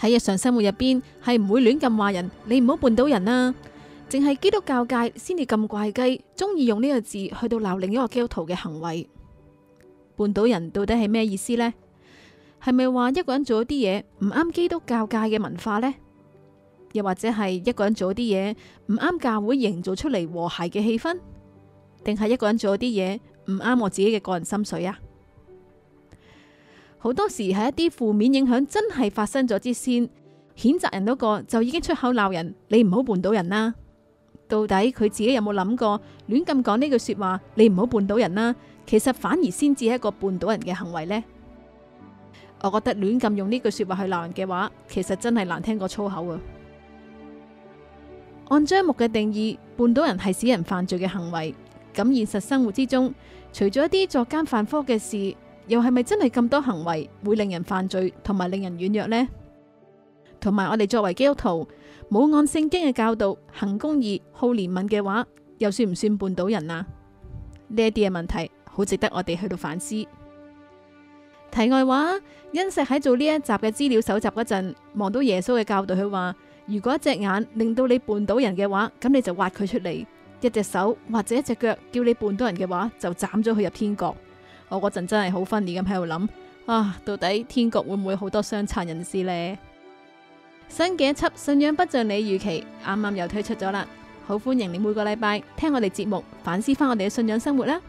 喺日常生活入邊，係唔會亂咁話人，你唔好絆到人啊，淨係基督教界先至咁怪雞，中意用呢個字去到鬧另一個基督徒嘅行為。絆到人到底係咩意思呢？係咪話一個人做咗啲嘢唔啱基督教界嘅文化呢？又或者係一個人做咗啲嘢唔啱教會營造出嚟和諧嘅氣氛？定係一個人做咗啲嘢唔啱我自己嘅個人心水啊？好多時係一啲負面影響真係發生咗之先，譴責人嗰個就已經出口鬧人，你唔好絆倒人啦。到底佢自己有冇諗過，亂咁講呢句說話，你唔好絆倒人啦？其實反而先至係一個絆倒人嘅行為呢。我覺得亂咁用呢句說話去鬧人嘅話，其實真係難聽過粗口啊。按張木嘅定義，絆倒人係使人犯罪嘅行為。咁現實生活之中，除咗一啲作奸犯科嘅事。又係咪真係咁多行為會令人犯罪同埋令人軟弱呢？同埋我哋作為基督徒，冇按聖經嘅教導行公義、好憐憫嘅話，又算唔算絆倒人啊？呢一啲嘅問題好值得我哋去到反思。題外話，恩石喺做呢一集嘅資料搜集嗰陣，望到耶穌嘅教導，佢話如果一隻眼令到你絆倒人嘅話，咁你就挖佢出嚟；一隻手或者一隻腳叫你絆倒人嘅話，就斬咗佢入天國。我嗰陣真係好分裂咁喺度諗啊，到底天國會唔會好多傷殘人士呢？新嘅一輯《信仰不像你預期》啱啱又推出咗啦，好歡迎你每個禮拜聽我哋節目，反思翻我哋嘅信仰生活啦。